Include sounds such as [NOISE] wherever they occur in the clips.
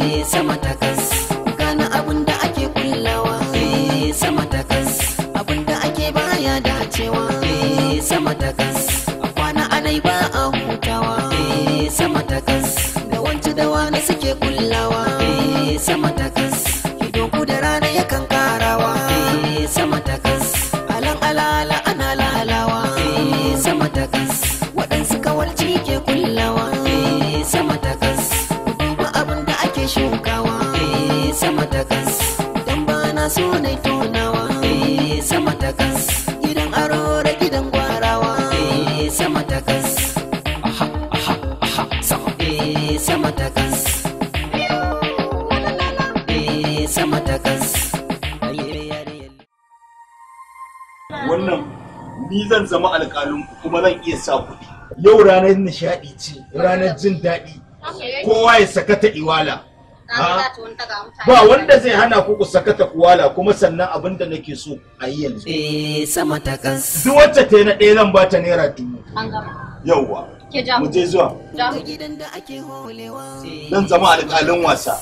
Eh, sama takas gane abun da ake kullawa eh, sama takas abun da ake baya dacewa eh, sama takas a kwana anai ba a hutawa sama takas da wance da suke kullawa sama halinku kuma zan iya sa kuɗi. Yau ranar nishaɗi ce, ranar jin daɗi. Kowa ya sakata iwala. Ah. Ba wanda zai hana ku ku sakata kuwala kuma sannan abin da nake so a yi yanzu. Eh sama ta kansa. Duk wacce ta yi na ɗaya zan ba ta naira dubu. An Yauwa. Mu je zuwa. Nan eh. zama alƙalin wasa.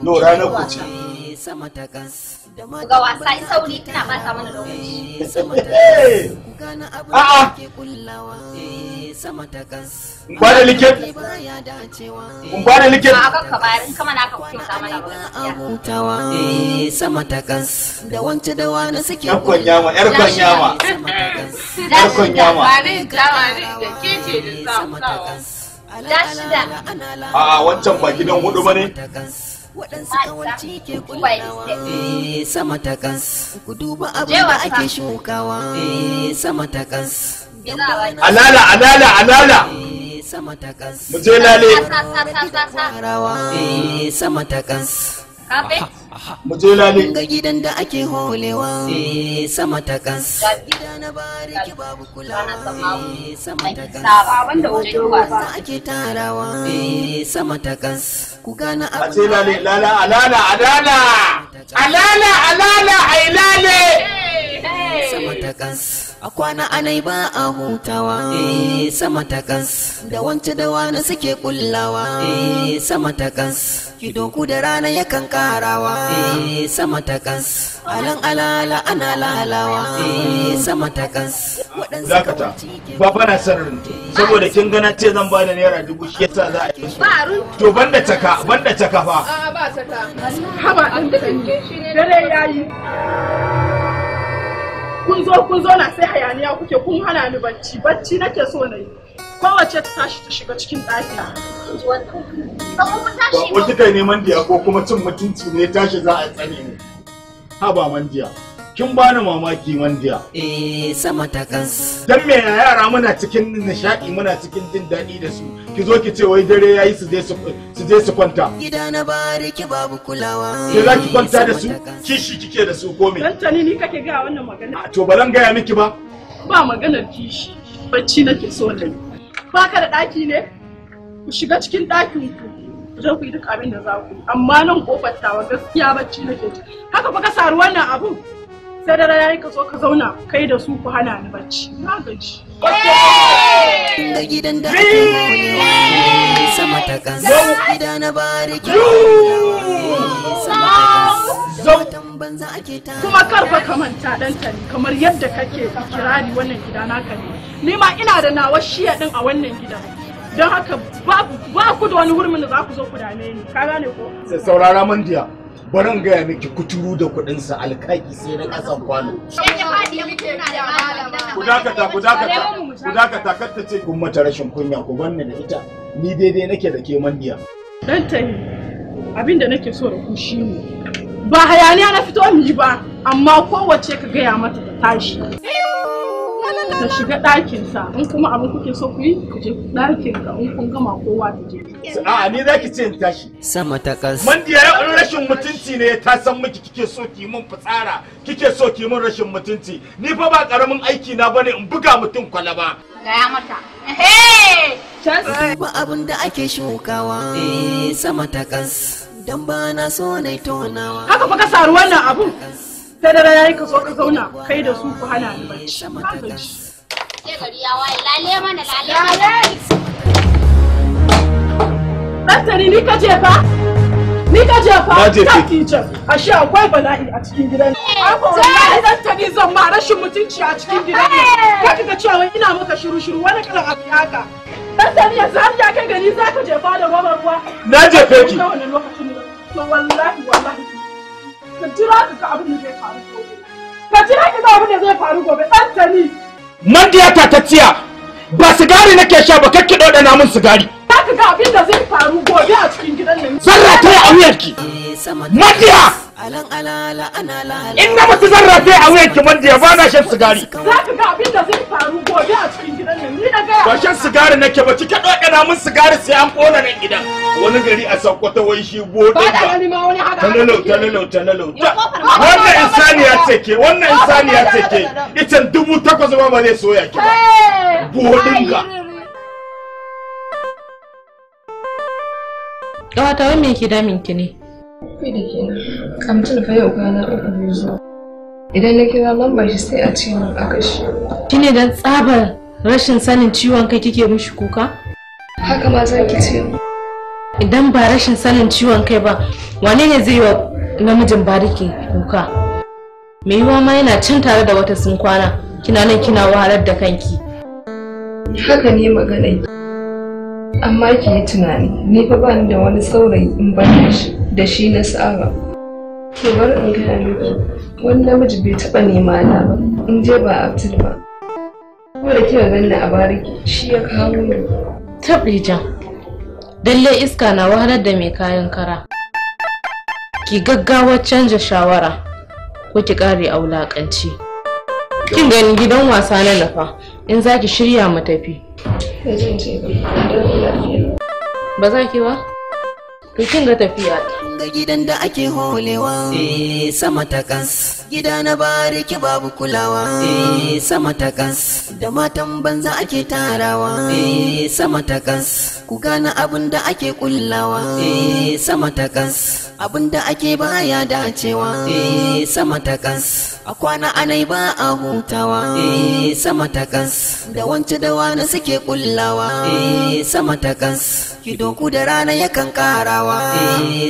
Nora na ku ce. Eh, sama ta kansa. ga wasa isa sauri kina ba ta mana lokaci eh, eh! a'a eh, sama ta kas kwana liket a kan kabarin kama na ka kuma ta mana hutawa sama ta kas da wance da wani suke da a wancan ba gidan hudu ba ne waɗansu kawanci ke kullawa eh, sama ta kas ku duba abin da ake shukawa eh, sama ta kas alala alala alala sama ta kas mu je lale eh, sama ta kas kafe mu je lale ga gidan da ake holewa eh, sama ta kas gida na bariki babu kulawa eh, sama ta kas sababan da wajen wasa ake tarawa eh, sama ta kas ku gana a ce lale lala alala alala alala alala ai lale sama ta kas a kwana anai ba a hutawa eh sama takas da wance da wani suke kullawa eh sama takas kidoku da rana yakan karawa eh sama takas alan alala ana lalawa eh sama takas dakata ba bana sarrin saboda kin gana ce zan ba da naira dubu shi yasa za a yi to banda taka banda taka fa a ba saka haba an ne dare yayi kun zo kun zo na sai hayaniya kuke kun hana ni bacci bacci nake so na yi kowace ta tashi ta shiga cikin ɗakina. Ba kika neman diya ko kuma cin mutunci ne tashi za a tsane ne. Ha ba man diya. kin bani mamaki mandiya. Eh sama ta kansu. Dan me yara muna cikin nishaɗi muna cikin jin daɗi da su. Ki zo ki ce wai dare yayi su je su je su kwanta. Gida na bari ki babu kulawa. Ki za ki kwanta da eh, su kishi kike da su ko me? Dan tani ni kake ga wannan magana. To ba zan gaya miki ba. Ba maganar kishi. Bacci nake so da ni. Ba ka da ɗaki ne? Ku shiga cikin ɗakin ku. Zan ku yi duk abin da za ku yi amma nan kofar tawa gaskiya bacci nake haka fa ka saru wannan abun sai da yayi ka ka zauna kai da su ku hana ni bacci na gaji Kuma kar ba ka manta ɗanta ne kamar yadda kake kirari wannan gida naka ne ni ma ina da nawa shiya din a wannan gida. don haka ba ku da wani hurmin da za ku zo ku dame ni ka gane ko saurara jiya. barin gaya miki kuturu da kuɗinsa alkaki sai na ƙasan kwano. Ku dakata, ku dakata, ku dakata, kar ta ce kun mata rashin kunya ku banni da ita, ni daidai nake da ke mandiya. Dan tayi, abin da nake so da ku shi ne. Ba hayaniya na fito mu yi ba, amma kowace ka gaya mata ta tashi. ka shiga ɗakinsa in kuma abin kuke so ku yi ku je ɗakin ka in kun gama kowa ta je a'a ni zaki ce in tashi sama ta kas mandiya ya rashin mutunci ne ta san miki kike so ki mun fitsara kike so ki mun rashin mutunci ni fa ba karamin aiki na bane in buga mutum kwalaba gaya mata ba abin da ake shukawa sama ta kas dan ba na so na tonawa haka fa ka saru wannan abu. sai da rana ka zo ka zauna kai da su ku hana ni bacci ni ka jefa? Ni ka jefa? Na jefa. ashe akwai bala'i a cikin gidan. Eh, wallahi daktari zan ma rashin mutunci a cikin gidan. Kaka eh! ka cewa ina maka shiru-shiru wani kalan abu haka. Daktari yanzu har ya kai gani za ka jefa da robar ruwa. Na jefe ki. To wallahi wallahi ka jira ka ga abin da zai faru gobe ka jira ka ga abin da zai faru gobe dan tani man diyata ta tsiya ba sigari nake sha ba kakki dode na mun sigari za ka ga abin da zai faru gobe a cikin gidan nan zarra ta yi a wuyarki eh, madiya in na mutu zan rafe a wuyan kiman da ya ba na shan sigari za ka ga abin da zai faru gobe a cikin gidan nan ni na gaya ba shan sigari nake ba cike ɗaukana mun sigari sai an ƙona nan gidan wani gari a sakkwato wai shi bude ba talalau talalau talalau wannan insaniya ce ke wannan insaniya ce ke itan dubu takwas ma ba zai soya ki ba bude ka? Gawata wai me ke damin ki ne? Kai da ke kamtin fa yau kwana uku ne zuwa. Idan na kira lambar shi sai a ce min a kashi. Shi ne don tsaba rashin sanin ciwon kai kike mishi kuka? Haka ma za ki ce. Idan ba rashin sanin ciwon kai ba, wane ne zai yi wa namijin bariki kuka? Me yiwa ma yana can tare da wata sun kwana, kina nan kina wahalar da kanki. Haka ne magana. Amma ki yi tunani, ni fa ba ni da wani saurayi in ban shi da shi na saba. Ke bar in gaya miki, wani namiji bai taɓa nema na ba, in je ba Abdul ba. Ko da kika ganin a bariki, shi ya kawo ni. Taɓe jan, dalle iska na wahalar da mai kayan kara. Ki gaggawar canja shawara, ko ki ƙare a Kin gani gidan wasa na nafa, in za ki shirya mu tafi. bazaki ba ki ba kin ga tafiya ga gidan da ake holewa eh, sama ta kas gida na bariki babu kulawa eh, sama takas da matan banza ake tarawa eh, sama takas ku gane abin da ake kullawa eh, sama takas abin da ake baya dacewa sama takas a kwana anai ba a hutawa sama takas da wance da wani suke kullawa sama takas kidoku da rana yakan karawa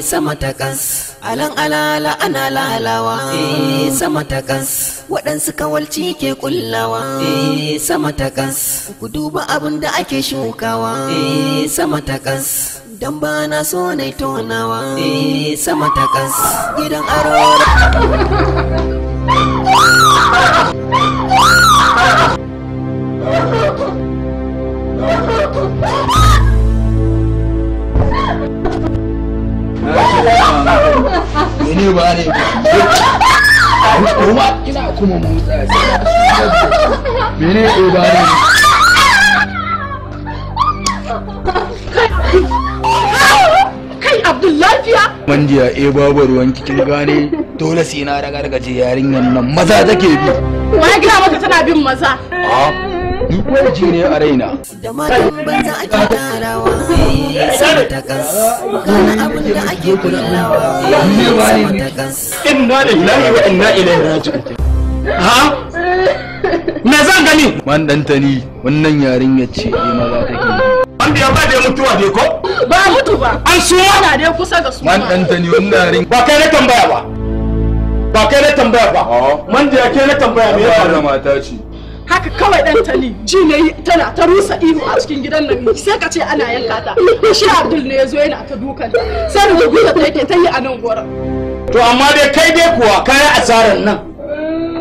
sama takas alan alala ana lalawa eh, sama takas. waɗansu kawalci ke kullawa eh, sama takas. ku duba abin da ake shukawa eh, sama takas. dan ba na so na tonawa sama takas. gidan aro Oh, ne ba ne kuma ina kuma motsa mene ne ba ne kai abdul lafiya mandiya e eh, babu ruwan kikin gane dole sai na ragargaje yarinyar nan maza take bi wani gina maka tana bin maza ah. duk wani ji ne a raina da matan banza ake tarawa abin da ake wa inna ilaihi ha me zan gani man dantani wannan yarinya ce ne maza take wanda ya ba da mutuwa dai ko ba mutu ba an suma na dai kusa ga suma man dantani wannan yarin ba kai na tambaya ba ba kai na tambaya ba man da ya kai na tambaya me ba. mata ce haka kawai dan ne ji ne tana ta rusa ihu a cikin gidan nan sai ka ce ana yanka ta shi abdul ne ya zo yana ta dukan ta sai da gudu ta yake ta yi a nan gora to amma dai kai dai kuwa kayan asarar nan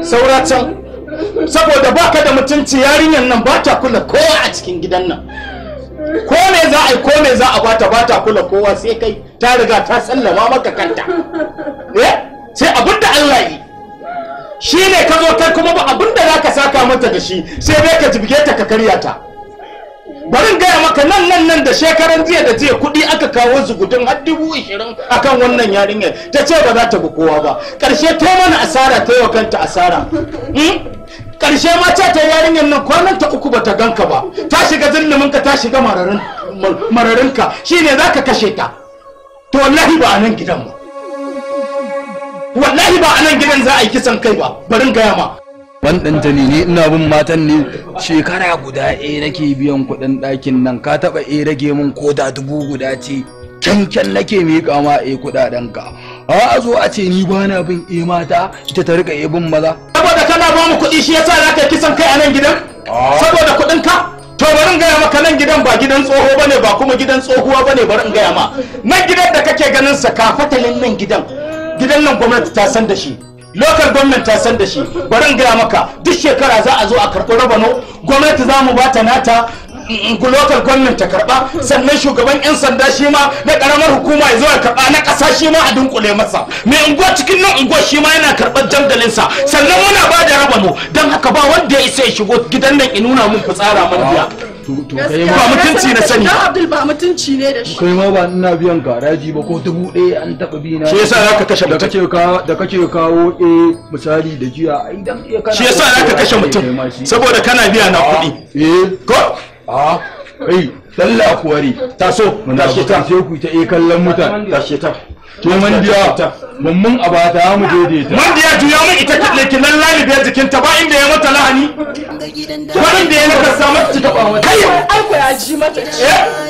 saura can saboda baka da mutunci yarinyar nan ba ta kula kowa a cikin gidan nan ko me za a yi ko me za a bata bata kula kowa sai kai ta riga ta sallama maka kanta eh sai abin da Allah yi shi ne ka zo kai kuma ba abin da za ka saka mata da shi sai dai ka jibge ta ka karya ta Barin gaya maka nan nan nan da shekaran jiya da jiya kuɗi aka kawo gudun har dubu ishirin akan wannan yarinya ta ce ba za ta bi kowa ba ƙarshe ta mana asara ta yi wa kanta asara hmm? ƙarshe ma ce ta yarinyar nan kwanan ta uku ba ta ganka ba ta shiga ka ta shiga mararinka ne za ka kashe ta to wallahi ba a nan gidan mu wallahi ba anan gidan za a yi kisan kai ba barin gaya ma ban dan jani ne ina bin matan ne shekara guda eh nake biyan kuɗin ɗakin nan ka taɓa eh rage min koda dubu guda ce kyankyan nake miƙa ma eh kuɗaɗen ka a zo a ce ni ba na bin eh mata ita ta rika eh bin maza saboda kana ba mu kuɗi shi yasa za ka kisan kai a nan gidan saboda kuɗin ka to bari gaya maka nan gidan ba gidan tsoho bane ba kuma gidan tsohuwa bane bari in gaya ma nan gidan da kake ganin sa ka fatalin nan gidan gidan nan gwamnati ta san da shi lokal gwamnati ta san da shi bari in gaya maka duk shekara za a zo a karɓi rabano gwamnati za mu bata nata mm, mm, lokal gwamnati ta karɓa sannan shugaban 'yan sanda shi ma na ƙaramar hukuma ya zo ya karɓa na ƙasa shi ma a dunkule masa mai unguwa cikin nan unguwa shi ma yana karɓar sa sannan muna ba da rabano don haka ba wanda ya isa ya shigo gidan nan in nuna mun tsara man biya to kai ba mutunci na sani da Abdul ba mutunci ne da shi kai ma ba ina biyan garaji ba ko dubu ɗaya an taɓa bi na shi yasa zaka kashe mutum da kake kawo da kake kawo eh misali da jiya ai dan iya kana shi yasa zaka kashe mutum saboda kana biya na kuɗi eh ko a kai sallah kuwari taso tashi ta sai ku ta eh kallon mutan tashi ta to man diya mummun abata ya mu daidaita man diya juya mun ita kille ki nan lalibe jikin ta ba inda ya mata lahani wannan da ya naka sa ta cika ba mata kai ai ko ya ji mata eh?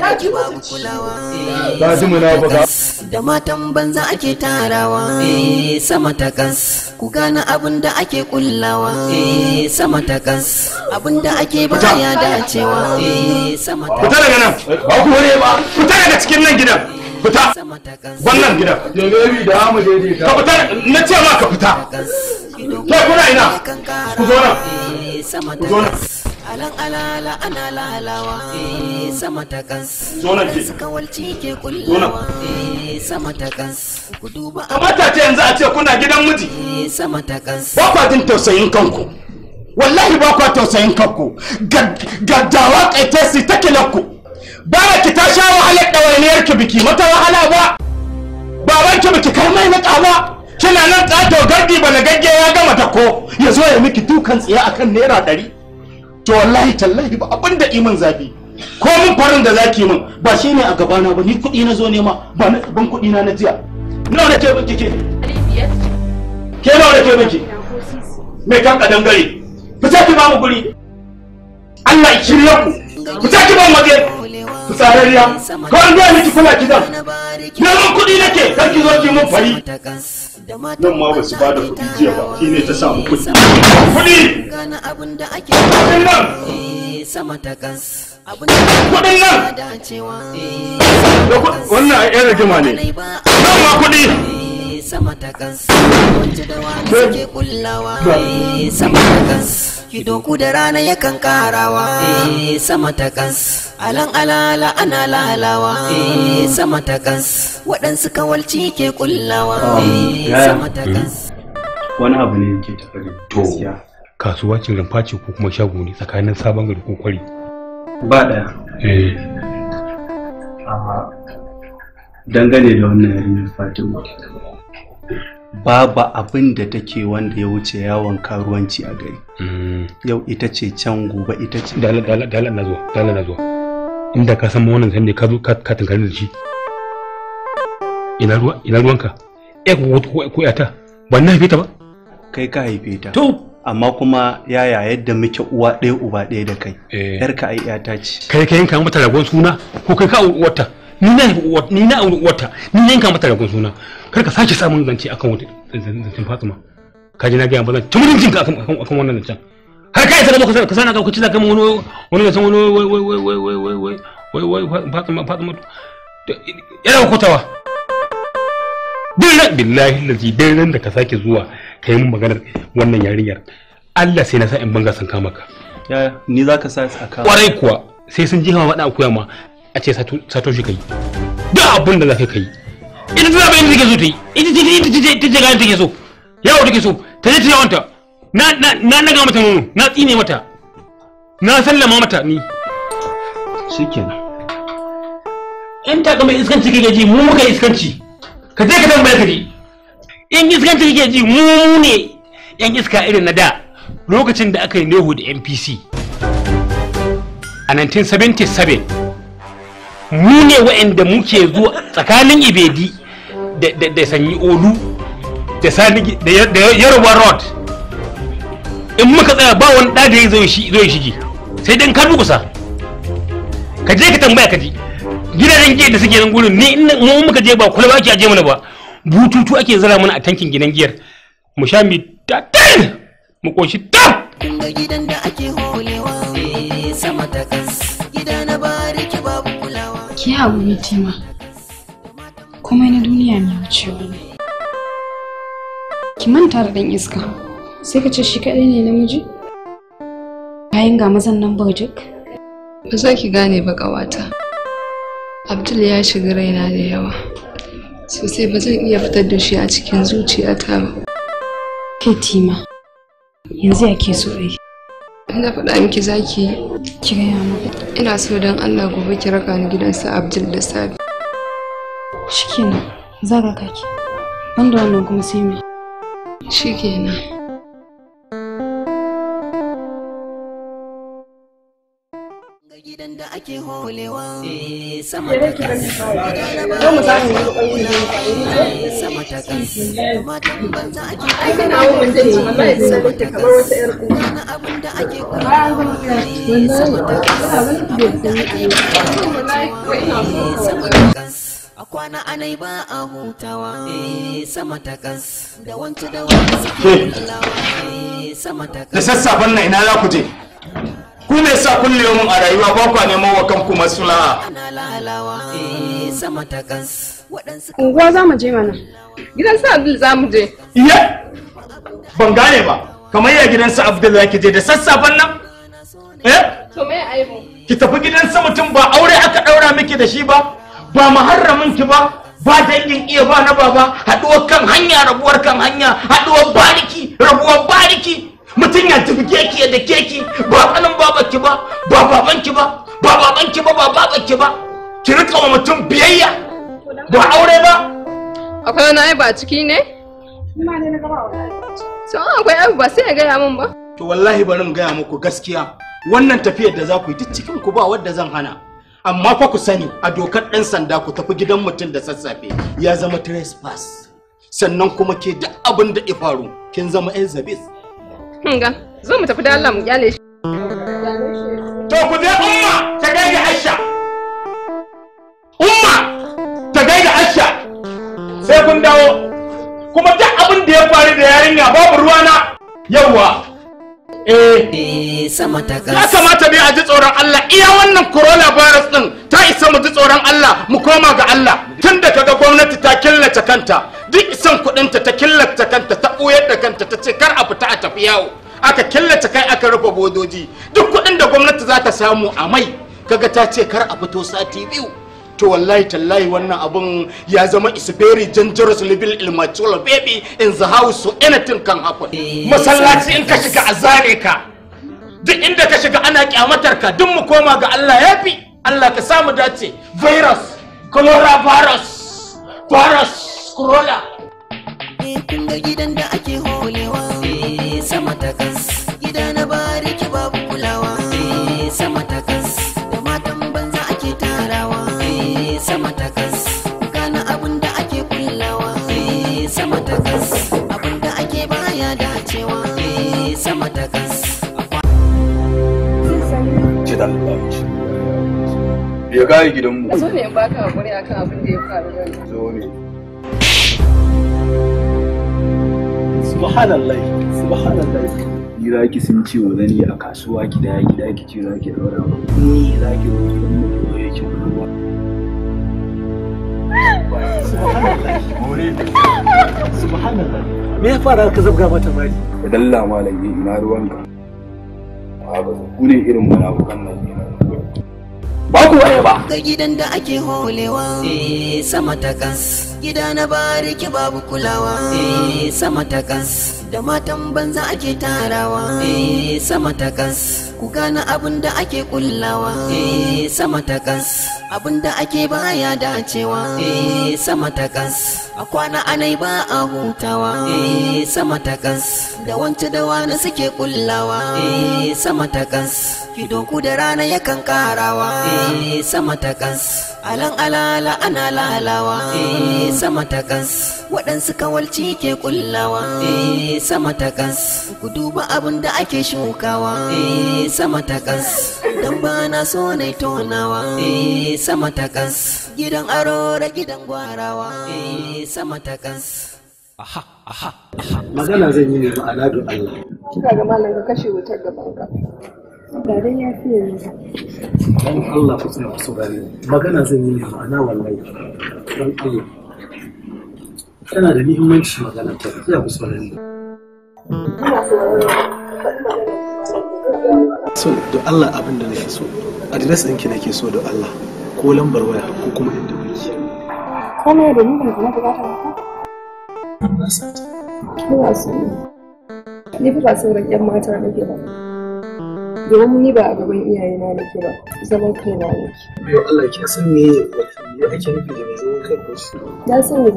ya ji mata kulawa ba ji munafika da matan banza ake tarawa eh. sama ta kas ku gana abin da ake kullawa eh. sama ta kas abin da ake baya da cewa. sama ta tare ga nan ba ku hore ba tare ga cikin nan gidan fita wannan gidan ka fita na ce ma ka fita ke kuna ina ku zo nan ku zo nan alan alala ana lalawa sama ta kan zonan ke kawalci ke kullawa sama ta kan ku duba kamata ce yanzu a ce kuna gidan miji sama ta kan ba kwa jin tausayin kanku wallahi ba kwa tausayin kanku gaddawa kaitai ki ta sha wahalar ɗawainiyar ki biki mata wahala ba baban ki biki mai na ƙaba kina nan tsato gardi ba na gagge ya gama ta ko ya zo ya miki dukan tsiya akan naira ɗari to wallahi tallahi ba abin da imin zafi ko mun farin da zaki min ba shine a gabana ba ni kuɗi na zo nema ba na ban kuɗi na na jiya nawa nake miki ke ke nawa nake miki me kan kadan gari fita ki ba mu guri Allah ya shirye ku fita ki ba mu gari tsarariya ko an gaya miki kuna gidan neman kuɗi nake kar ki zo ki mun fari nan ma ba su ba da kuɗi jiya ba k'i ne ta samu kuɗi kuɗi kuɗin nan eh, kuɗin nan eh, da wannan yan rigima ne nan ma kuɗi eh, sama da kansu da wani suke kullawa eh, sama da ido ku da rana yakan karawa eh, sama ta kansu alan alala ana lalawa eh, sama ta waɗansu kawalci ke kullawa sama ta wani abu ne ke tafi da kasuwa ce rumfa ce ko kuma shago ne tsakanin sabon gari ko kwari ba daya eh dangane da wannan yarinyar fatima babu abin da take wanda ya wuce yawon karuwanci a gari mm. yau ita ce can gobe ita ce dalar na zuwa dalar na zuwa inda ka san wannan sanda ka zo ka tunkari da shi ina ruwa ina ruwanka ya eh, ko ya ta ban na haife ta ba kai ka haife ta to amma kuma yaya yadda muke uwa ɗaya uba ɗaya da kai eh. yarka ai ta ce kai kai ka mata ragon suna ko kai ka uwarta ni na ni na auri uwarta ni na yanka mata ragon suna kar ka sake samun zance akan wata zancen Fatima ka ji na ga ba zan ci mutuncin ka akan akan wannan zancen har kai sai ka ka sana ka kuci zaka wani wani zancen wani wai wai wai wai wai wai wai wai wai Fatima Fatima yana kotawa duk billahi lazi duk da ka sake zuwa kai mun maganar wannan yarinyar Allah sai na sa in banga san kama ka ni za ka sa a kama kwarai kuwa sai sun ji hawa faɗa akuya ma a ce sato shi kai duk abin da za ka yi ita ta zaɓa inda take so ta yi ita ta ce gani take so yawo take so ta je ta yawanta na naga mata nono na tsine mata na sallama mata ni shikenan in ta ga mai iskanci kake ji mu muka iskanci ka je ka ta bayar ji in iskanci kake ji mu ne yan iska irin na da lokacin da aka yi nehu da npc a 1977 mu ne waɗanda muke zuwa tsakanin ibedi da sanyi olu da yaruwa rod in muka tsaya ba wani ɗa da ya zai shige sai dan ka kusa ka je ka tambaya ka ji gidajen giyar da suke nan gurin ni in mu muka je ba kula ba ake aje mana ba bututu ake zara mana a tankin gidan giyar mu sha mi mu koshi taf. Ki haƙuri Tima, komai na duniya mai wucewa ne. Ki manta da ɗan iska, sai ka ce shi kaɗai ne namiji? Bayan ga mazan nan barjik? Ba za ki gane ba ƙawata. Abdul ya shiga raina da yawa, sosai ba zan iya fitar da shi a cikin zuciyata ba. Ke Tima, yanzu ya ke so aiki. na faɗa miki zaki ki gaya maka? ina so don allah gobe ki raka ni su abdul da sabi shikenan za ka kaki wanda wannan kuma sai me shikenan gidan da ake holewa eh, sama ta kan sama ta kan matan banza ake ai kana hawan da ce wallahi zai mutu kamar ta yar na abin da ake kuma sama ta kan sama ta a kwana anai ba a hutawa eh, eh, sama ta kan da wancan da wani suke lawa sama ta kan da sassafen na ina za ku je ku me sa kulle mun a rayuwa ba kwa nemo wa kanku maslaha eh, unguwa za mu je mana gidan sa abdul za mu je iya ban gane ba kamar ya gidan sa abdul ya je da sassafen nan eh to me mu ki tafi gidan sa mutum ba aure aka daura miki da shi ba ba muharramin ki ba ba dangin iya ba na baba haɗuwar kan hanya rabuwar kan hanya haɗuwar bariki rabuwar bariki mutum ya tafi keki da keki ba kanin babanki ba ba babanki ba ba babanki ba ba babanki ba ki rika wa mutum biyayya ba aure ba akwai wani ai ba ciki ne to akwai abu ba sai ya gaya min ba to wallahi bari mu gaya muku gaskiya wannan tafiyar da za ku yi duk cikin ku ba wadda zan hana amma fa ku sani a dokar ɗan sanda ku tafi gidan mutum da sassafe ya zama trespass sannan kuma ke duk abin da ya faru kin zama yan Kinga, zo mu tafi da Allah mu kyale shi. To ku je umma ta gaida Aisha. Umma ta gaida Aisha. Sai kun dawo. Kuma duk abin da ya faru da yarinya babu ruwana. Yawwa. Eh. eh sama ta ya kamata ne a ji tsoron Allah iya wannan corona virus din ta isa mu ji tsoron Allah mu koma ga Allah tunda kaga gwamnati ta killace kanta duk isan kudinta ta killace kanta ta ɓoyar da kanta ta ce kar a fita a tafi yawo aka killace kai aka rufe bodoji duk kudin da gwamnati za ta samu a mai kaga ta ce kar a fito sati biyu to wallahi tallahi wannan abun ya zama is very dangerous level immature baby in the house so anything can happen eh, masallaci in ka shiga a ka duk inda ka shiga ana kyamatar ka duk mu koma ga Allah ya fi Allah ka samu dace virus cholera virus virus corona eh, gidan da ake holewa eh, sama ta kansa ya dacewa eh, sama da gas jida ya gaya gidanmu zo ne baka hakuri akan abin da ya faru da zo ne subhanallah subhanallah ki sun ce wa zani a kasuwa ki da gida ki ce za ki daura ni za ki wani wani ya ce me ya fara ka zabga mata mari idan la malam yi ina ruwanka ba ku ne irin munafukan nan ne ba ku waye ba ga gidan da ake holewa eh, sama takas gida na bariki babu kulawa eh, sama takas da matan banza ake tarawa eh, sama takas ku gane abin da ake kullawa eh, sama takas abin da ake baya dacewa eh sama takas a kwana anai ba a hutawa eh, sama takas da wance da wani suke kullawa sama takas ki doku da rana yakan karawa sama takas alan alala ana lalawa eh, sama ta kas waɗansu kawalci ke kullawa eh, sama ta ku duba abin da ake shukawa eh, sama ta kas don ba na so ne tonawa sama ta kas gidan aro da gidan gwarawa sama ta kas aha aha magana zan yi ne ma'ana Allah kina ga malam ka kashe wutar gaban ka Ba ya fiye ne ba. Don Allah ku tsaya ku saurare magana zan yi ne ma'ana wallahi. Don Allah. Tana da muhimmanci magana ta tsaya ku saurare. So da Allah abin da nake so adres ɗinki nake so da Allah ko lambar waya ko kuma inda kuke. Kana da nufin kuma bukatar ka? Na san. Ina so. Ni ba sauran 'yan mata nake ba. domin ni ba a gaban iyaye na nake ba zaman kai na nake yo Allah ki san me ya ake nufi da zaman kai ko shi na sani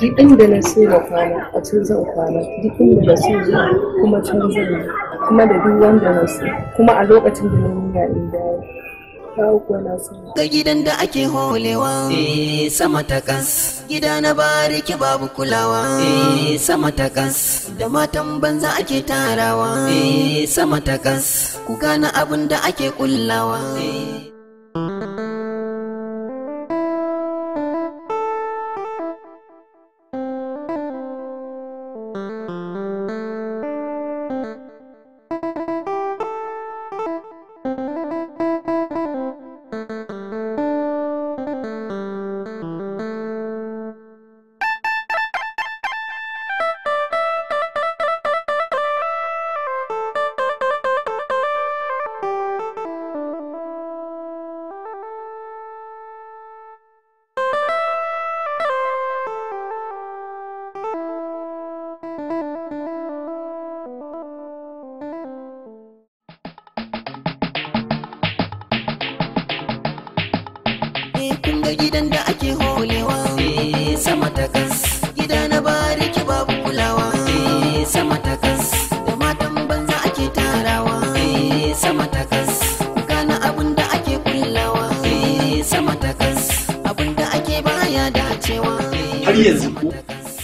duk inda na so na kwana a can zan kwana duk inda na so kuma can zan kuma da duk wanda na so kuma a lokacin da na nuna inda Ga gidan da ake holewa eh, sama takas. Gida na bariki babu kulawa eh, sama takas. Da matan banza ake tarawa eh, sama takas. Ku gane abin da ake kullawa.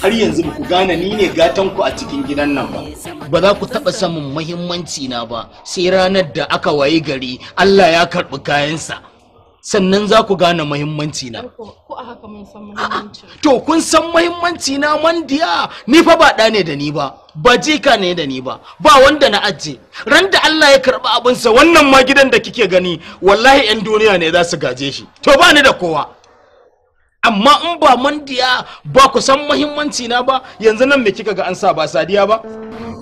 har yanzu ku gane ni ne gatanku a cikin gidan nan ba. Ba za ku taɓa samun muhimmanci na ba sai ranar da aka waye gari Allah ya karɓi kayansa. Sannan za ku gane muhimmanci na. To kun san muhimmanci na mandiya ni fa ba ɗa ne da ni ba. Ba jika ne da ni ba, ba wanda na aje Ran da Allah ya karɓi abinsa wannan ma gidan da kike gani, wallahi 'yan duniya ne za su gaje shi. To ba ni da kowa. amma in ba mandiya ba ku san muhimmanci na ba yanzu nan me kika ga an sa ba sadiya ba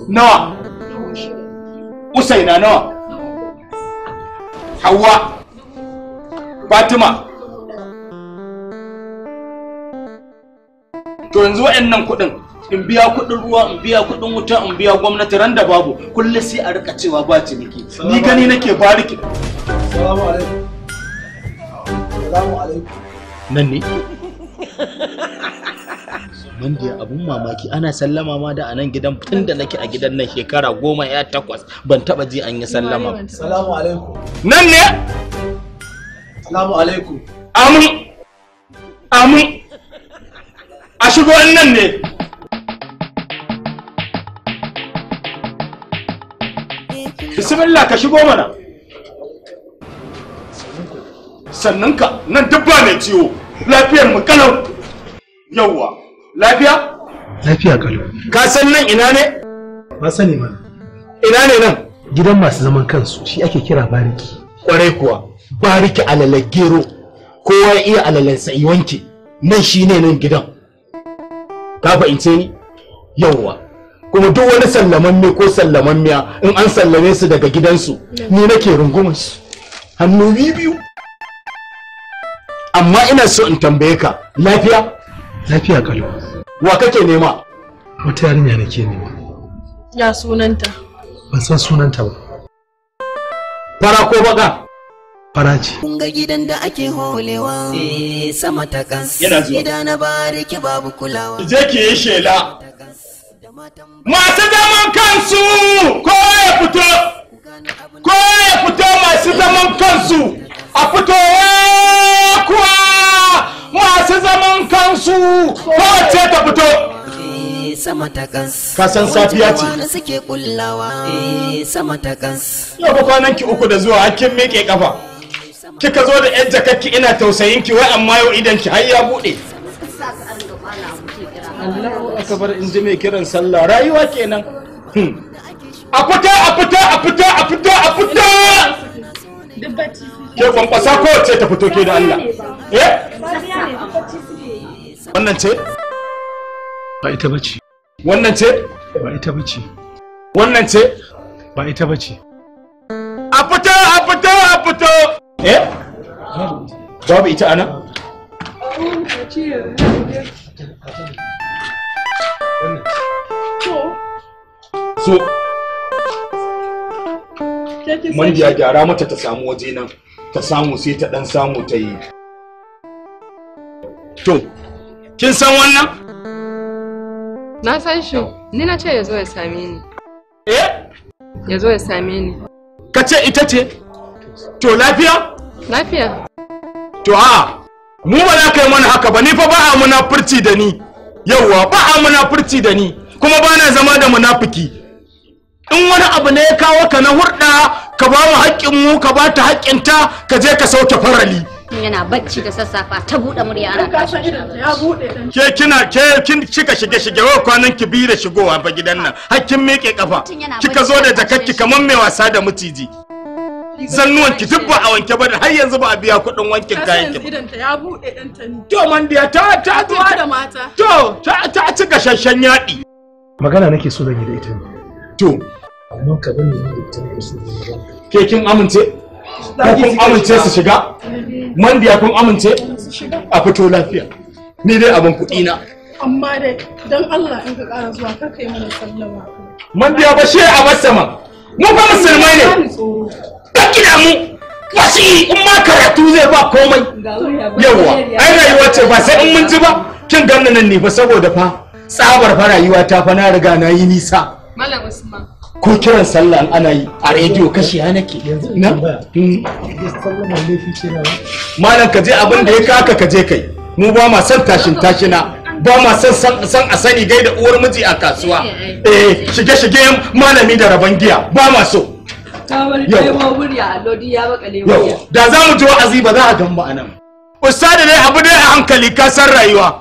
nawa usaina nawa hawa fatima to yanzu wa'annan kuɗin in biya kuɗin ruwa in biya kuɗin wuta in biya gwamnati ran da babu kulle sai a rika cewa ba ciniki ni gani nake bariki assalamu alaikum assalamu alaikum nan ne mun [LAUGHS] da abun mamaki ana sallama ma da a nan gidan tun da nake a gidan nan shekara goma ya takwas ban taba ji an yi sallama salamu alaikum nan ne salamu alaikum amin amin a shigo nan ne bismillah ka shigo mana sannan ka nan duk ba mai ciwo lafiyar mu kalau yawwa lafiya lafiya kalau ka san nan ina ne ba sani ba. ina ne nan gidan masu zaman kansu shi ake kira bariki kwarai kuwa bariki alalar gero kowa ya iya alalar sa'i wanke nan shi ne nan gidan ka fahimce ni yawwa kuma duk wani sallamamme ko miya in an sallame su daga gidansu ni nake rungumar su hannu biyu amma ina so in tambaye ka lafiya lafiya kalu wa kake nema wata yarinya nake nema ya sunanta ban san sunanta ba fara ko baka faraci. Kun ga gidan da ake holewa eh, sama ta kan Gida na bariki babu kulawa. Je ki yi shela. Masu zaman kansu ko ya fito. Ko ya fito masu zaman kansu a fito kowace ta fito eh, sama ta kans ka san safiya ce wanda suke kullawa eh, sama ta kans yau kwanan ki uku da zuwa kin miƙe kafa kika zo da yan jakakki ina tausayin ki wai amma yau idan ki har ya bude Allahu akbar in ji mai kiran sallah rayuwa kenan hmm. a fita a fita a fita a fita a fita ke kwankwasa kowace ta fito ke da Allah eh wannan ce ba ita bace wannan ce ba ita bace wannan ce ba ita bace a fito a fito a fito eh babu ita anan so mandiya gyara mata ta samu waje nan ta samu sai ta dan samu ta yi to kin san wannan na san shi ni na ce ya zo ya same ni eh ya zo ya same ni ka ce ita ce to lafiya lafiya to a mu ba za ka yi mana haka ba ni fa ba a munafurci da ni yauwa ba a munafurci da ni kuma ba na zama da munafiki in wani abu ne ya kawo ka na hurɗa ka ba mu haƙƙin mu ka ba ta haƙƙinta ka je ka sauke farali yana bacci da sassafa ta buɗe murya ana kasa ke kina ke kin kika shige shige wa kwanan ki biyu da shigowa ba gidan nan har kin miƙe kafa kika zo da jakakki kamar mai wasa da mutiji zannuwan ki dubba a wanke ba har yanzu ba a biya kuɗin wankin kayan ki idan ya buɗe dan to man da ta ta da mata to ta ta ci gashashen yaɗi magana nake so da ni da ita to amma ka bani da ita ne so ke kin amince kun amince su shiga mandiya kun amince a fito lafiya ni dai abin kuɗi na amma dai don Allah in ka ƙara zuwa kar kai mana sallama mandiya ba shi a masama mu ba musulmai ne ka kida mu ba shi in ma karatu zai ba komai yawa ai rayuwa ce ba sai in mun ji ba kin ganna nan ne ba saboda fa tsabar fa rayuwa ta fa na riga na yi nisa malam usman ko kiran sallah ana yi a rediyo kashi ha nake hmm. malam ka je abin da ya kaka ka je kai mu ba ma san tashin tashina ba ma san san a sani gaida uwar miji a kasuwa eh shige shige malami da raban giya ba ma so yau da za mu ji wa'azi ba za a gan mu anan ustadi dai abu dai a hankali ka san rayuwa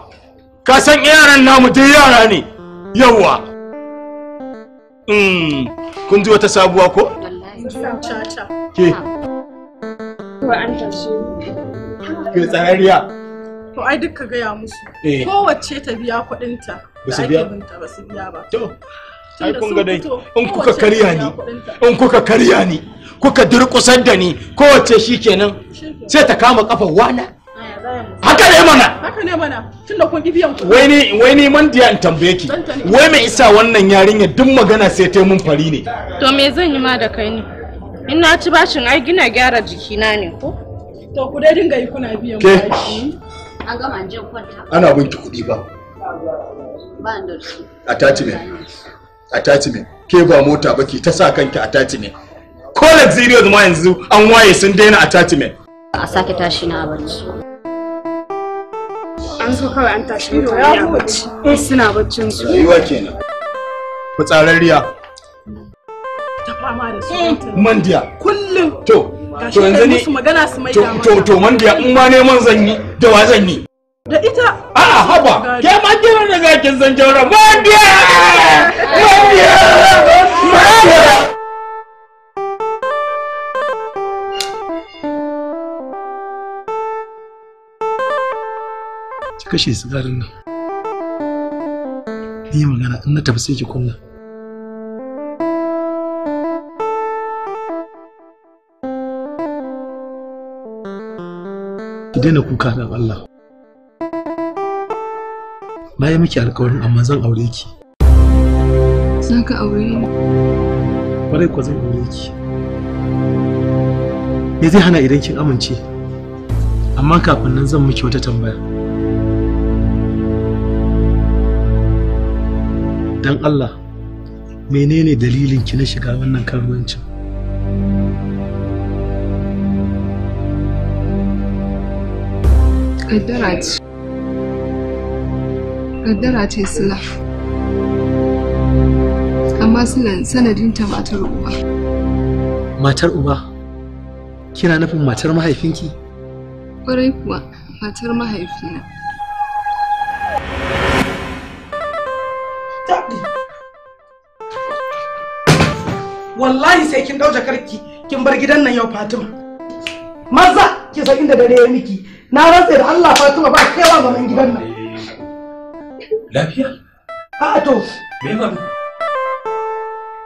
ka san yaran namu dai yara ne yawwa Hmm. kun ji wata sabuwa ko? ke ke tsarariya to ai duka gaya musu eh. kowace ta biya kuɗinta ba su biya ba su biya ba to ai kun ga dai in kuka karya ni in kuka karya ni kuka durƙusar da ni kowace shikenan sai ta kama kafar wana haka ne mana haka ne mana tunda kun biyan ku wai ni wai ni man diya in tambaye ki wai me isa wannan yarinya duk magana sai ta mun fari ne to me zan yi ma da kai ne in na ci bashin ai gina gyara jiki na ne ko to ku dai dinga yi kuna biyan ku an gama an je kwanta ana binki kuɗi ba ba da attachment attachment ke ba mota ba ki ta sa kanki attachment ko luxurious ma yanzu an waye sun daina attachment a sake tashi na barci an so kawai an tashi mutane a bacci eh suna baccin su rayuwa kenan ta fama da su mm. mandiya kullum to to yanzu ne magana su mai to to mandiya in ma neman zan yi da wa zan yi da ita a ah, haba ke ma kira da zakin san jaura [LAUGHS] mandiya mandiya mandiya kashe sigarin nan ni magana in na tafi sai ki kunna ki daina kuka dan Allah na yi miki alkawarin amma zan aure ki za ka aure ni kwarai ko zan aure ki me zai hana idan kin amince amma kafin nan zan miki wata tambaya dan Allah menene dalilin ki na shiga wannan karuwanci? kaddara ce kaddara ce sila amma sanadin sanadinta matar uba matar uba kina nufin matar mahaifinki? Kwarai kuwa matar mahaifina. wallahi sai kin dauce karki kin bar gidan nan yau Fatima maza ki san inda dare ya miki na rantsa da Allah Fatima ba kaiwa zaman gidan nan lafiya a to me ba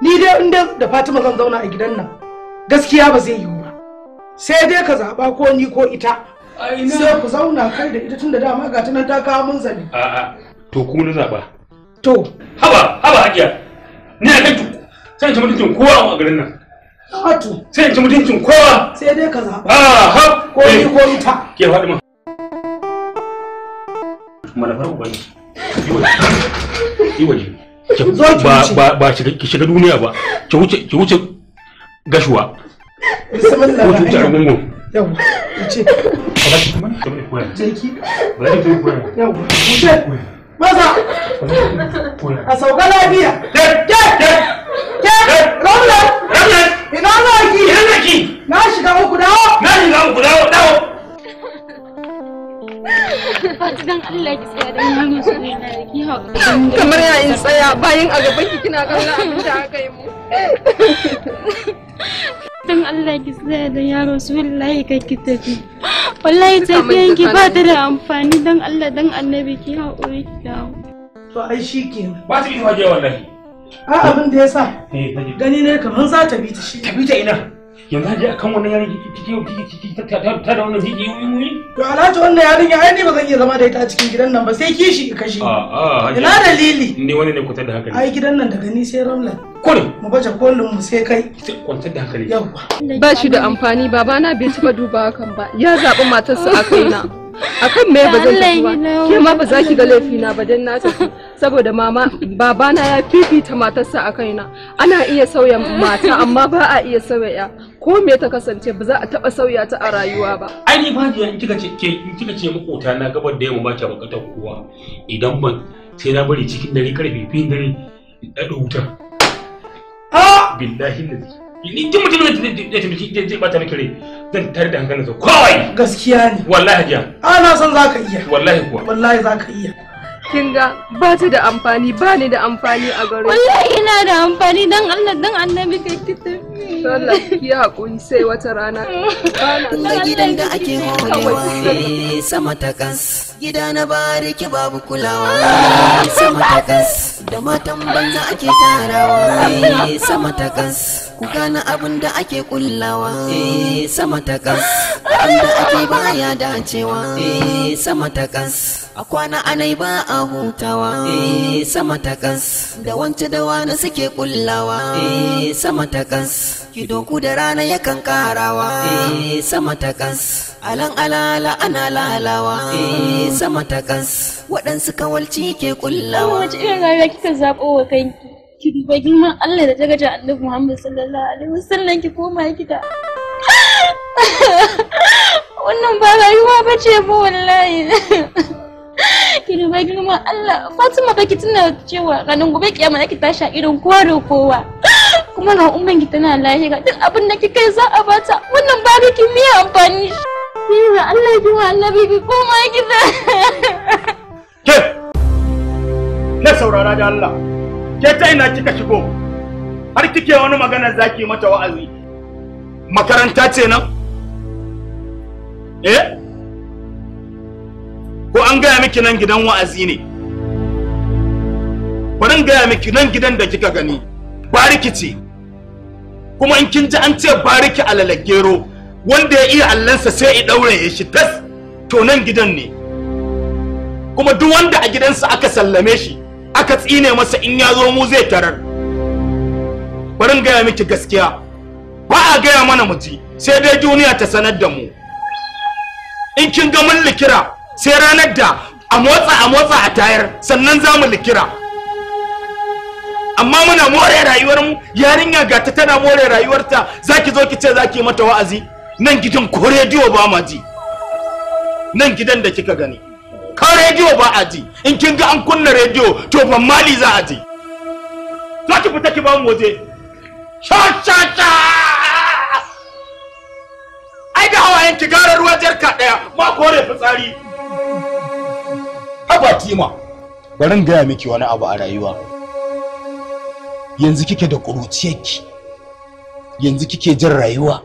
ni dai inda da Fatima zan zauna a gidan nan gaskiya ba zai yi ba sai dai ka zaba ko ni ko ita sai ku zauna kai da ita tun da dama ga ta nan ta kawo mun zabi a'a to ku na zaba to haba haba hajiya ni a kanki sai ci mutuncin kowa a garin nan wato sai ci mutuncin kowa sai dai ka zaɓa ah ha ko ni ko eh, ita ke faɗi ma malafar bani. yi waje ba ba ki shiga duniya ba ki wuce ki wuce gashuwa bismillah ko ki wuce argungu yawa ce ba ki kuma ki koyar ki ba ki koyar yawa maza a sauka lafiya ke ke ke ina ina na shiga uku dawo na shiga uku dawo dawo Fatidan Allah ki tsaya da ki Kamar ya in tsaya bayan a gaban ki kina kallon abin da aka yi mu. [LAUGHS] don Allah ki tsaya da yaro su wallahi kai ki tafi [GASPS] wallahi tafiyan ki ba ta da amfani don Allah don annabi ki haƙuri ki dawo to ai shi ke ba ta bi waje wallahi a abin da ya sa eh, gani ne kamar za ta bi ta shi ta bi ta ina yanzu haji akan wannan yarin kike kike ta da wannan kike yi yi to alhaji wannan yarin ya ne ba zan iya zama da ita a cikin gidan nan ba sai kishi ka shi ina dalili ne wani ne kwatar da hankali ai gidan nan daga ni sai ramla kuri mu baje kolin mu sai kai kwantar da haka ne. yawa ba shi da amfani babana bai taba duba hakan ba ya zaɓi matarsa a kaina akan me ba zan tafi ba ke ma ba za ki ga laifina ba dan na tafi saboda mama babana ya fifita matarsa a kaina ana iya sauya mata amma ba a iya sauya ya ko me ta kasance ba za a taba sauya ta a rayuwa ba ai ni fajiya in kika ce in kika ce makota na gabar da yamma ba ta bukatar kowa idan ban sai na bari cikin dare karfe fin dare da wuta ha ah! billahi ni duk mutum da taimaki zai bata miki rai zan tare da hankalinsa kawai gaskiya ne wallahi hajiya ana ah, son zaka iya wallahi kuwa wallahi zaka iya Kinga ga ba ta da amfani ba ni da amfani a gare wallahi ina da amfani dan Allah dan annabi kai ki tafi Allah ki hakuri sai wata rana ba gidan da ake horewa sama ta kas gida na bariki babu kulawa sama ta kas da matan banza ake tarawa sama ta kas ku gane abin da ake kullawa sama ta kas abin da ake baya dacewa sama ta kas a kwana anai ba a hutawa eh sama takas da wance da wani suke kullawa eh sama takas kidoku da rana yakan karawa eh sama takas alan alala ana lalawa eh sama takas waɗansu kawalci ke kullawa wace irin rayuwa kika zaɓo wa kanki ki duba girman Allah da darajar Annabi Muhammad sallallahu alaihi wasallam ki koma gida [LAUGHS] wannan ba rayuwa bace ba wallahi [LAUGHS] kira mai girma Allah Fatima bai ki tuna cewa ranar gobe kiyama yake tashi a irin kowa da kowa [GASPS] kuma na umman ki tana lahira duk abin da kika za a bata wannan ba da miya amfani Kira Allah ki wa bibi koma gida Ke ne saurara da Allah ke ta ina kika shigo har kike wani magana zaki mata wa'azi makaranta ce nan eh ko an gaya miki nan gidan wa'azi ne bari gaya miki nan gidan da kika gani bariki ce kuma in kin ji an ce bariki alala gero wanda ya iya allansa sai ya daure ya shi tas to nan gidan ne kuma duk wanda a gidansa aka sallame shi aka tsine masa in ya zo mu zai tarar bari gaya miki gaskiya ba a gaya mana muji sai dai duniya ta sanar da mu in kin ga mun likira sai ranar da a motsa a motsa a tayar sannan za mu likira amma muna more rayuwar mu yarinya ga ta tana more rayuwarta zaki zo ki ce zaki mata wa'azi nan gidan ko rediyo ba ma ji nan gidan da kika gani ka rediyo ba a ji in kin ga an kunna rediyo to ban mali za a ji zaki ki fita ki ba mu waje cha cha cha ai da hawayen ki gara ruwa jarka daya ma kore fitsari haba tima bari gaya miki wani abu a rayuwa yanzu kike da ƙuruciyarki yanzu kike jin rayuwa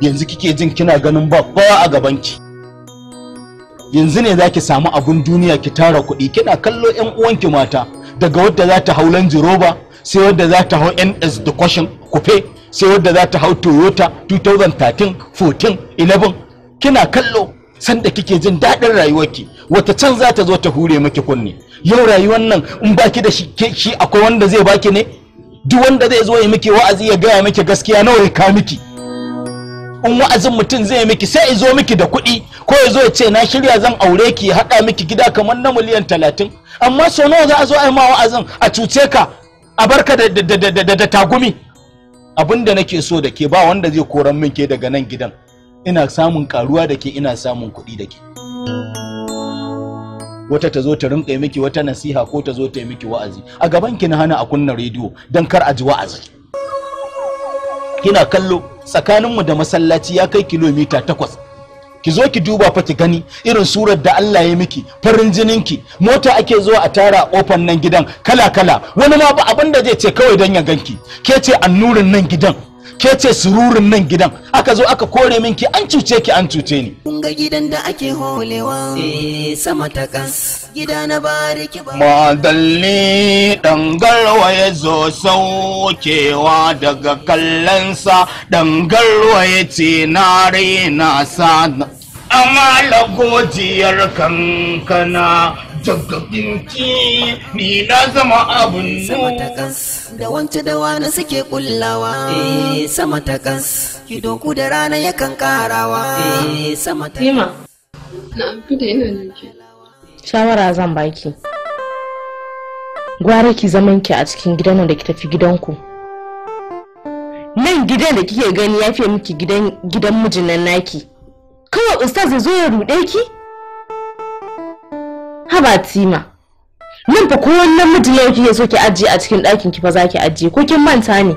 yanzu kike jin kina ganin ba a gabanki yanzu ne za ki samu abun duniya ki tara kuɗi kina kallo 'yan uwanki mata daga wadda za ta hau lanji roba sai wadda za ta hau ns da kwashin kufe sai wadda za ta hau toyota 2013 14 11 kina kallo sanda kike jin daɗin rayuwarki wata can za ta zo ta hure miki kunne yau rayuwar nan in baki da shi akwai wanda zai baki ne duk wanda zai zo ya miki wa'azi ya gaya miki gaskiya nawa ya ka miki in wa'azin mutum zai miki sai ya zo miki da kuɗi ko ya zo ya ce na shirya zan aure ki ya haɗa miki gida kamar na miliyan talatin amma so nawa za a zo a yi ma wa'azin a cuce ka a barka da tagumi da da nake so da ke ba wanda zai koran min ke daga nan gidan ina samun karuwa da ke ina samun kuɗi da ke wata ta zo ta rinka miki wata nasiha ko ta zo ta yi miki wa'azi a gaban ki na hana a kunna rediyo don kar a ji wa'azi kina kallo tsakaninmu da masallaci ya kai kilomita takwas ki zo ki duba fa ki gani irin surar da Allah ya miki farin jinin ki mota ake zuwa a tara kofar nan gidan kala kala wani ma ba abin da zai ce kawai don ya ganki ke ce annurin nan gidan ke ce sururin nan gidan aka zo aka kore min ki an cuce ki an cuce ni Kunga ga gidan da ake holewa eh, sama ta kas gida na bariki ba madalli dangarwa ya zo saukewa daga kallansa dangarwa ya ce na raina sa amma la godiyar kankana jaggabin ki ni na zama abun sama takas da wance da wani suke kullawa eh sama takas ki doku da rana yakan karawa eh sama takas Nima na amfi da ina nake shawara zan baki gwara ki zaman ki a cikin gidan da ki tafi gidanku nan gidan da kike gani ya fiye miki gidan gidan mijin nan naki kawai ustaz ya zo ya ruɗe ki ba tima nan fa ko wannan mijin yau kike so ki ajiye a cikin ɗakin ki fa za ki ajiye ko kin manta ne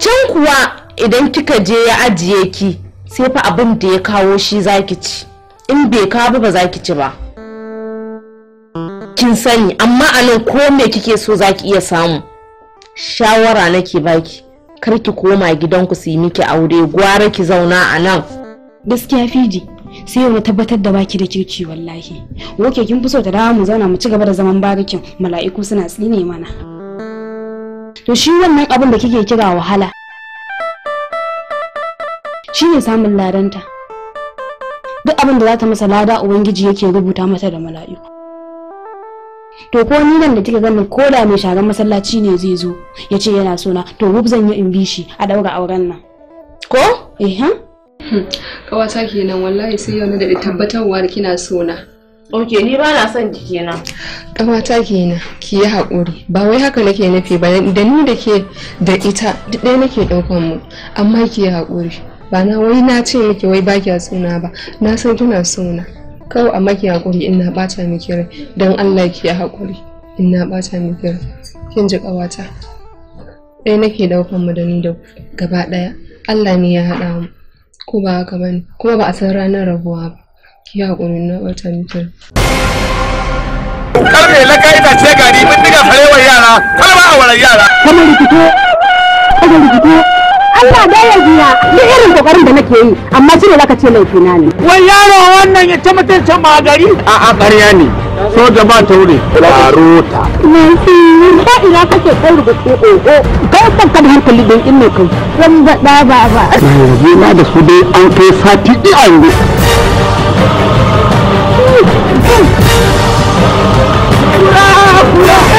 can kuwa idan kika je ya ajiye ki sai fa abin da ya kawo shi za ci in bai kawo ba za ki ci ba kin sani amma a nan ko me kike so zaki iya samu shawara nake baki kar ki koma gidanku su yi miki aure gwara ki zauna a nan gaskiya fiji sai yau na tabbatar da baki da kirki wallahi woke kin fi so ta dawo mu zauna mu ci gaba da zaman barikin mala'iku suna tsine mana to shi wannan abin da kike kira wahala shi ne samun ladanta duk abin da za ta masa lada ubangiji yake rubuta mata da mala'iku to ko ni nan da kika ganin ko da mai sharan masallaci ne zai zo ya ce yana sona to wub zan yi in bi shi a daura auren nan ko eh Kawata hmm. kenan wallahi sai yau na da tabbatarwa da kina sona. Ok, ni ba na son jiki na. Kawata kenan, ki yi haƙuri. Ba wai haka nake nufi ba, da ni da ke da ita duk ɗaya nake ɗaukan mu, amma ki yi haƙuri. Ba na wai na ce miki wai ba kiya suna ba, na san kina suna. Kawai amma ki haƙuri ina ɓata miki rai, don Allah ki yi haƙuri ina ɓata miki rai. Kin ji ƙawata. Ɗaya nake ɗaukan mu da ni da gaba ɗaya. Allah ne ya haɗa mu. ko ba haka bane kuma ba a san ranar rabuwa ba ki haƙuri na wata mitar karfe laka ita ce gari mun diga farewar yara kalma a waran yara kuma rikito kuma rikito Allah da ya biya duk irin kokarin da nake yi amma shi ne zaka ce laifi na ne wai yaro wannan ya ta mutuncin ma gari a a ƙarya ne so da ba taure larota ba ina kake kai rubutu ogo kai san ka hankali don in ne kai ba da ba ba yanzu na da su dai an kai sati di a yanzu Kura, kura.